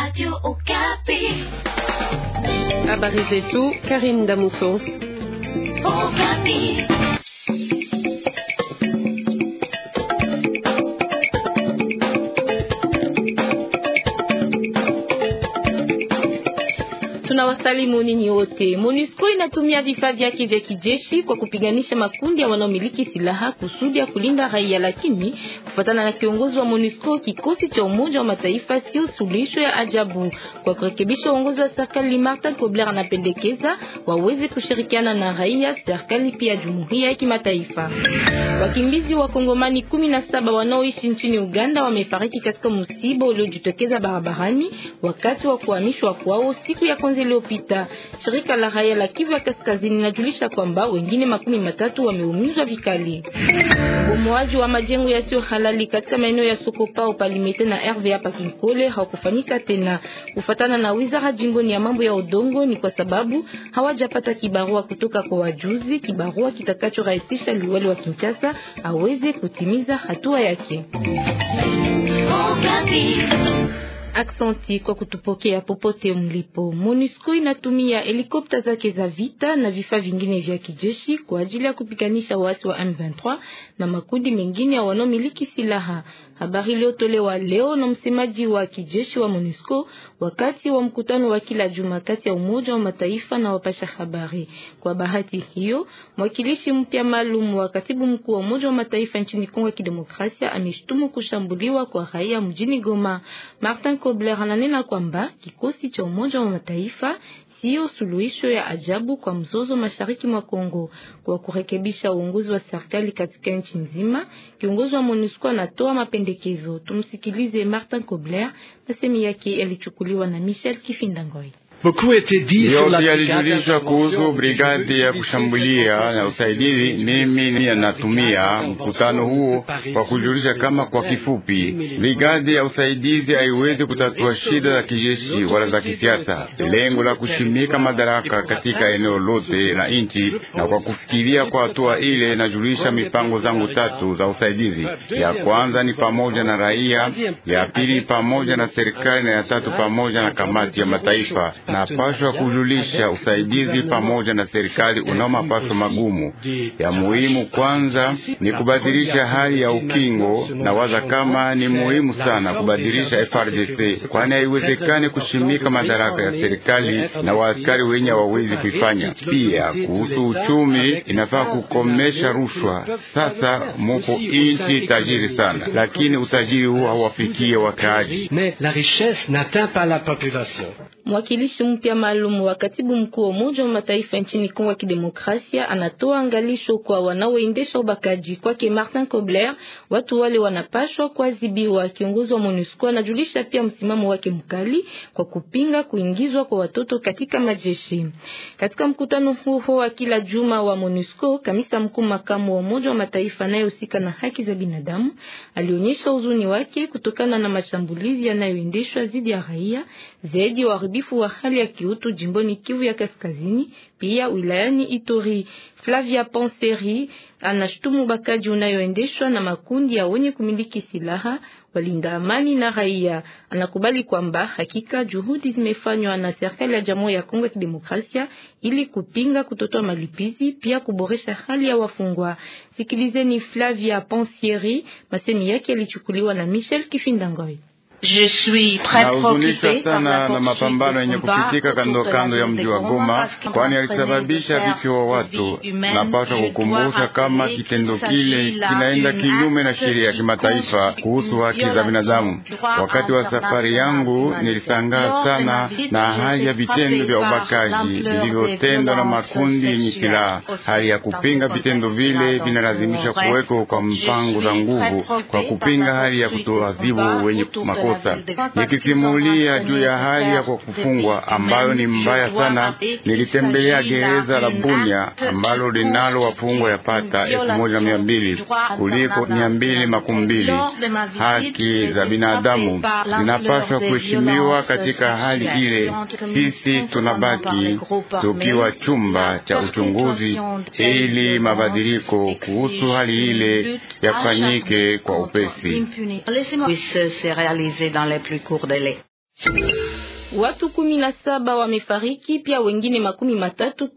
Radio Okapi. Habari zetu Karim Damuso. Okapi. Tunawasalimu ninyi wote. MONUSCO inatumia vifaa vyake vya kijeshi kwa kupiganisha makundi ya wanaomiliki silaha kusudi ya kulinda raia, lakini Kufatana na kiongozi wa MONUSCO, kikosi cha Umoja wa Mataifa sio suluhisho ya ajabu. Kwa kurekebisha uongozi wa serikali, Martin Kobler anapendekeza waweze kushirikiana na raia, serikali pia jumuiya ya kimataifa. Wakimbizi wa Kongomani 17 wanaoishi nchini Uganda wamefariki katika msiba uliojitokeza barabarani wakati wa kuhamishwa kwao siku ya kwanza iliyopita. Shirika la raia la Kivu ya Kaskazini linajulisha kwamba wengine makumi matatu wameumizwa vikali. Bomoaji wa majengo yasiyo Malali katika maeneo ya Sokopao, Palimete na RVA Pakinkole hawakufanyika tena. Kufatana na wizara jimboni ya mambo ya udongo, ni kwa sababu hawajapata kibarua kutoka kwa wajuzi, kibarua kitakachorahisisha liwali wa Kinshasa aweze kutimiza hatua yake. Oh, Aksanti kwa kutupokea popote mlipo. MONUSCO inatumia helikopta zake za vita na vifaa vingine vya kijeshi kwa ajili ya kupiganisha watu wa M23 na makundi mengine ya wanaomiliki silaha. Habari iliyotolewa leo na msemaji wa kijeshi wa MONUSCO wakati wa mkutano wa kila juma kati ya Umoja wa Mataifa na wapasha habari. Kwa bahati hiyo, mwakilishi mpya maalum wa katibu mkuu wa Umoja wa Mataifa nchini Kongo ya Kidemokrasia ameshtumu kushambuliwa kwa raia mjini Goma. Martin Kobler ananena kwamba kikosi cha Umoja wa Mataifa siyo suluhisho ya ajabu kwa mzozo mashariki mwa Kongo. Kwa kurekebisha uongozi wa serikali katika nchi nzima, kiongozi wa MONUSCO anatoa mapendekezo. Tumsikilize Martin Kobler, na yake yalichukuliwa na Michel Kifindangoi yote yalijulishwa kuhusu brigadi ya kushambulia na usaidizi. Mimi ninatumia mkutano huo kwa kujulisha kama kwa kifupi, brigadi ya usaidizi haiwezi kutatua shida za kijeshi wala za kisiasa, lengo la kushimika madaraka katika eneo lote la nchi. Na kwa kufikiria kwa hatua ile, najulisha mipango zangu tatu za usaidizi. Ya kwanza ni pamoja na raia, ya pili pamoja na serikali, na ya tatu pamoja na kamati ya mataifa napashwa kujulisha usaidizi pamoja na serikali unao mapaso magumu. Ya muhimu kwanza ni kubadilisha hali ya ukingo, na waza kama ni muhimu sana kubadilisha FRDC, kwani haiwezekani kushimika madaraka ya serikali na waaskari wenye hawawezi kuifanya. Pia kuhusu uchumi, inafaa kukomesha rushwa. Sasa mupo inchi tajiri sana, lakini utajiri huo hawafikie wakaaji. Mwakilishi mpya maalum wa katibu mkuu wa Umoja wa Mataifa nchini Kongo ya Kidemokrasia anatoa angalisho kwa wanaoendesha ubakaji. Kwake Martin Kobler, watu wale wanapashwa kuadhibiwa. Kiongozi wa MONUSCO anajulisha pia msimamo wake mkali kwa kupinga kuingizwa kwa watoto katika majeshi. Katika mkutano huo wa kila juma wa MONUSCO, kamisa mkuu makamu wa Umoja wa Mataifa anayehusika na haki za binadamu alionyesha huzuni wake kutokana na mashambulizi yanayoendeshwa dhidi ya raia zaidi wa uharibifu wa hali ya kiutu jimboni Kivu ya Kaskazini, pia wilayani Ituri. Flavia Ponseri anashtumu bakaji unayoendeshwa na makundi ya wenye kumiliki silaha walinda amani na raia. Anakubali kwamba hakika juhudi zimefanywa na serikali ya Jamhuri ya Kongo ya Kidemokrasia ili kupinga kutotoa malipizi, pia kuboresha hali ya wafungwa. Sikilizeni Flavia Ponsieri, masemi yake yalichukuliwa na Michel Kifindangoi. Nahuzunika sana na mapambano yenye kupitika kando kando ya mji wa Goma, kwani alisababisha vifo wa watu. Napaswa kukumbusha kama kitendo kile kinaenda kinyume na sheria ya kimataifa kuhusu haki za binadamu. Wakati wa safari yangu nilishangaa sana na hali ya vitendo vya ubakaji vilivyotendwa na makundi yenye silaha. Hali ya kupinga vitendo vile vinalazimisha kuweko kwa mpango za nguvu kwa kupinga hali ya kutoadhibu wenye makosa makosa, nikisimulia juu ya hali ya kwa kufungwa ambayo ni mbaya sana. Nilitembelea gereza la Bunya ambalo linalo wafungwa ya pata elfu moja mia mbili kuliko mia mbili makumi mbili. Haki za binadamu zinapaswa kuheshimiwa katika hali ile. Sisi tunabaki tukiwa chumba cha uchunguzi ili mabadiliko kuhusu hali ile yafanyike kwa upesi réalisées dans les plus courts délais. Watu kumi na saba wamefariki pia wengine makumi matatu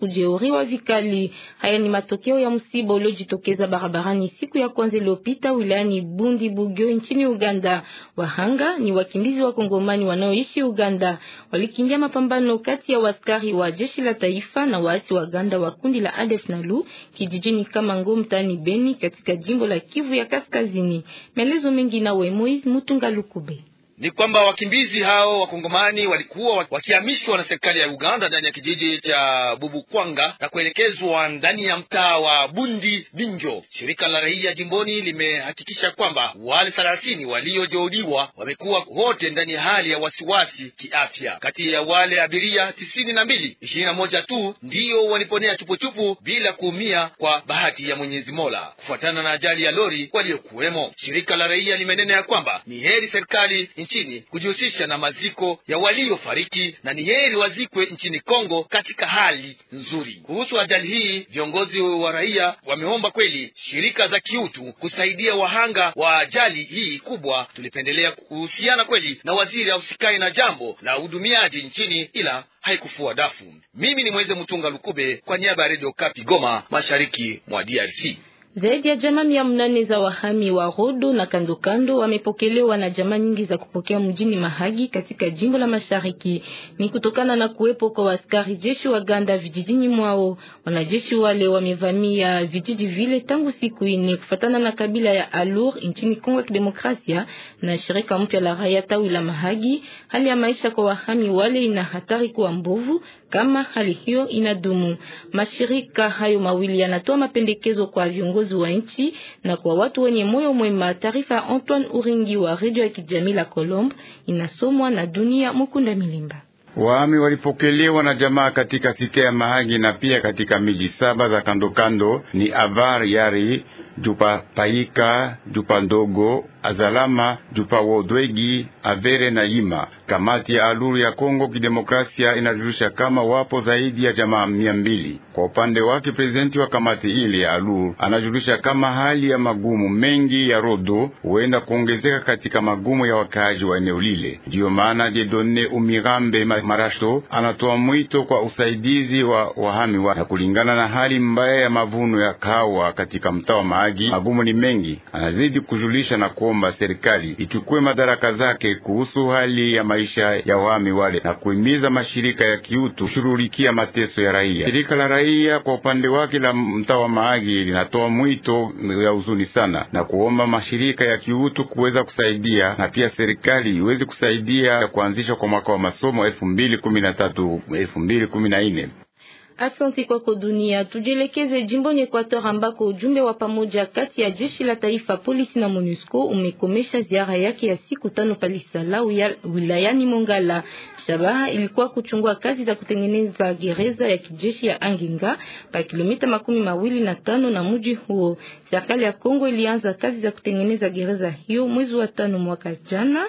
wa vikali. Haya ni matokeo ya msiba uliojitokeza barabarani siku ya kwanza iliyopita wilayani Bundi Bugyo nchini Uganda. Wahanga ni wakimbizi wa Kongomani wanaoishi Uganda, walikimbia mapambano kati ya waskari wa jeshi la taifa na waasi wa Uganda wa kundi la ADF NALU kijijini kama ngomtani Beni katika jimbo la Kivu ya Kaskazini. Maelezo mengi nawe Moise Mutunga Lukube ni kwamba wakimbizi hao wakongomani walikuwa wakihamishwa na serikali ya Uganda ndani ya kijiji cha Bubukwanga na kuelekezwa ndani ya mtaa wa Bundi Binjo. Shirika la raia jimboni limehakikisha kwamba wale thelathini waliojeuliwa wamekuwa wote ndani ya hali ya wasiwasi kiafya. Kati ya wale abiria tisini na mbili, ishirini na moja tu ndiyo waliponea chupuchupu bila kuumia kwa bahati ya Mwenyezi Mola kufuatana na ajali ya lori waliokuwemo. Shirika la raia limenena ya kwamba ni heri serikali nchi nchini kujihusisha na maziko ya waliofariki na ni heri wazikwe nchini Kongo katika hali nzuri. Kuhusu ajali hii, viongozi wa raia wameomba kweli shirika za kiutu kusaidia wahanga wa ajali hii kubwa. Tulipendelea kuhusiana kweli na waziri ausikai na jambo la hudumiaji nchini, ila haikufua dafu. Mimi ni Mweze Mtunga Lukube kwa niaba ya redio Kapi Goma, mashariki mwa DRC. Zaidi ya jamaa mia mnane za wahami wa Rodo na kandokando wamepokelewa na jamaa nyingi za kupokea mjini Mahagi katika jimbo la Mashariki. Ni kutokana na kuwepo kwa askari jeshi wa Ganda vijijini mwao. Wanajeshi wale wamevamia vijiji vile tangu siku ine kufatana na kabila ya Alur nchini Kongo ya Kidemokrasia na shirika mpya la raia tawi la Mahagi. Hali ya maisha kwa wahami wale ina hatari kuwa mbovu kama hali hiyo inadumu. Mashirika hayo mawili yanatoa mapendekezo kwa viongozi wa nchi na kwa watu wenye moyo mwema. Taarifa Antoine Uringi wa redio ya kijamii la Colombe inasomwa na Dunia Mukunda Milimba. Waami walipokelewa na jamaa katika site ya Mahagi na pia katika miji saba za kandokando ni Avar Yari, Jupa Paika, Jupa Ndogo, Azalama Jupawodwegi Avere na Yima. Kamati ya aluru ya Kongo Kidemokrasia inajulisha kama wapo zaidi ya jamaa mia mbili. Kwa upande wake, prezidenti wa kamati ile ya aluru anajulisha kama hali ya magumu mengi ya rodo huenda kuongezeka katika magumu ya wakaaji wa eneo lile. Ndiyo maana Jedone Umirambe Marasho anatoa mwito kwa usaidizi wa wa na kulingana na hali mbaya ya mavuno ya kawa katika mtaa wa Maagi, magumu ni mengi, anazidi kujulisha na kuomba kuomba serikali ichukue madaraka zake kuhusu hali ya maisha ya wami wale na kuhimiza mashirika ya kiutu kushughulikia mateso ya raia. Shirika la raia kwa upande wake la mtaa wa Maagi linatoa mwito ya huzuni sana na kuomba mashirika ya kiutu kuweza kusaidia na pia serikali iweze kusaidia kuanzishwa kwa mwaka wa masomo elfu mbili kumi na tatu elfu mbili kumi na nne. Asante kwako dunia. Tujielekeze jimboni Equator ambako ujumbe wa pamoja kati ya jeshi la taifa, polisi na MONUSCO umekomesha ziara yake ya siku tano palisala wilayani Mongala. Shabaha ilikuwa kuchungua kazi za kutengeneza gereza ya kijeshi ya Anginga pa kilomita makumi mawili na tano na muji huo. Serikali ya Kongo ilianza kazi za kutengeneza gereza hiyo mwezi wa tano mwaka jana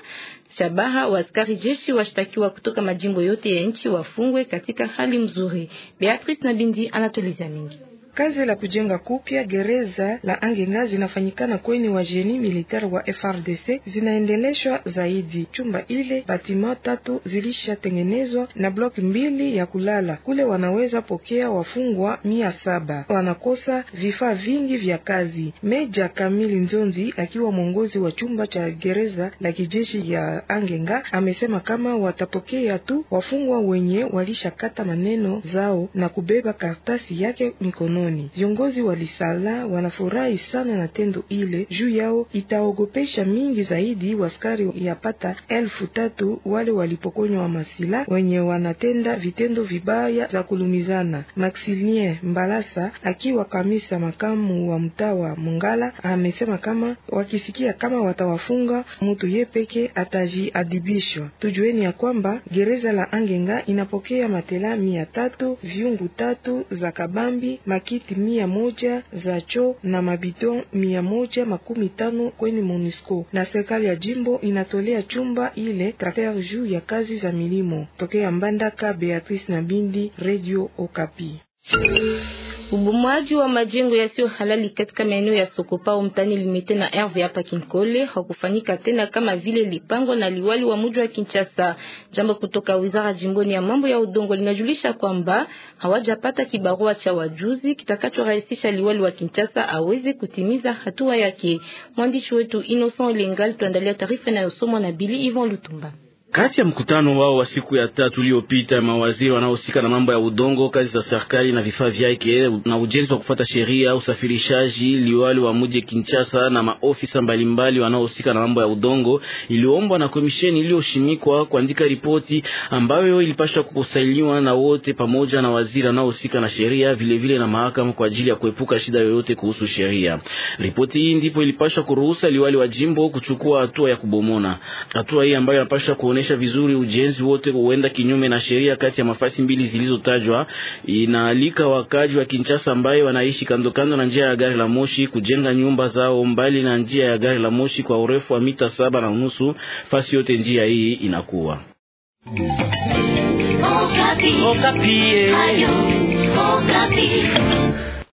shabaha wa askari jeshi washtakiwa kutoka majimbo yote ya nchi wafungwe katika hali mzuri. Beatrice Nabindi anatueleza mingi. Kazi la kujenga kupya gereza la Angenga zinafanyikana kweni wa jeni militari wa FRDC zinaendeleshwa zaidi. Chumba ile batima tatu zilishatengenezwa na bloki mbili ya kulala kule, wanaweza pokea wafungwa mia saba. Wanakosa vifaa vingi vya kazi. Meja Kamili Nzonzi akiwa mwongozi wa chumba cha gereza la kijeshi ya Angenga amesema kama watapokea tu wafungwa wenye walishakata maneno zao na kubeba karatasi yake mikono mdomoni. Viongozi wa Lisala wanafurahi sana na tendo ile, juu yao itaogopesha mingi zaidi waskari yapata elfu tatu wale walipokonywa masila wenye wanatenda vitendo vibaya za kulumizana. Maxilien Mbalasa akiwa kamisa makamu wa mtaa wa Mongala amesema kama wakisikia kama watawafunga mtu ye peke atajiadibishwa. Tujueni ya kwamba gereza la Angenga inapokea matela mia tatu viungu tatu za kabambi maki kiti mia moja za choo na mabidon mia moja makumi tano kweni MONUSCO na serikali ya jimbo inatolea chumba ile trakter juu ya kazi za milimo. Tokea Mbandaka, Beatrice na Bindi, Radio Okapi. Ubomoaji wa majengo yasiyo halali katika maeneo ya Sokopa mtani Limete na RV hapa Kinkole hakufanyika tena kama vile lipango na liwali wa mji wa Kinshasa. Jambo kutoka wizara jimboni ya mambo ya udongo linajulisha kwamba hawajapata kibarua cha wajuzi kitakachorahisisha liwali wa Kinshasa aweze kutimiza hatua yake. Mwandishi wetu Innocent Lengal tuandalia taarifa inayosomwa na Bili Ivan Lutumba. Kati ya mkutano wao wa siku ya tatu uliopita, mawaziri wanaohusika na mambo ya udongo, kazi za serikali na vifaa vyake na ujenzi wa kufuata sheria, usafirishaji, liwali wa mji Kinshasa na maofisa mbalimbali wanaohusika na mambo ya udongo iliombwa na komisheni iliyoshimikwa kuandika ripoti ambayo ilipaswa kukusailiwa na wote pamoja na waziri wanaohusika na sheria, vilevile na mahakama kwa ajili ya kuepuka shida yoyote kuhusu sheria. Ripoti hii ndipo ilipaswa kuruhusa liwali wa jimbo kuchukua hatua ya kubomona. Hatua hii ambayo inapaswa kuonesha kuendesha vizuri ujenzi wote huenda kinyume na sheria kati ya mafasi mbili zilizotajwa. Inaalika wakaji wa Kinshasa ambaye wanaishi kando kando na njia ya gari la moshi kujenga nyumba zao mbali na njia ya gari la moshi kwa urefu wa mita saba na nusu. Fasi yote njia hii inakuwa Okapi. Okapi. Eh.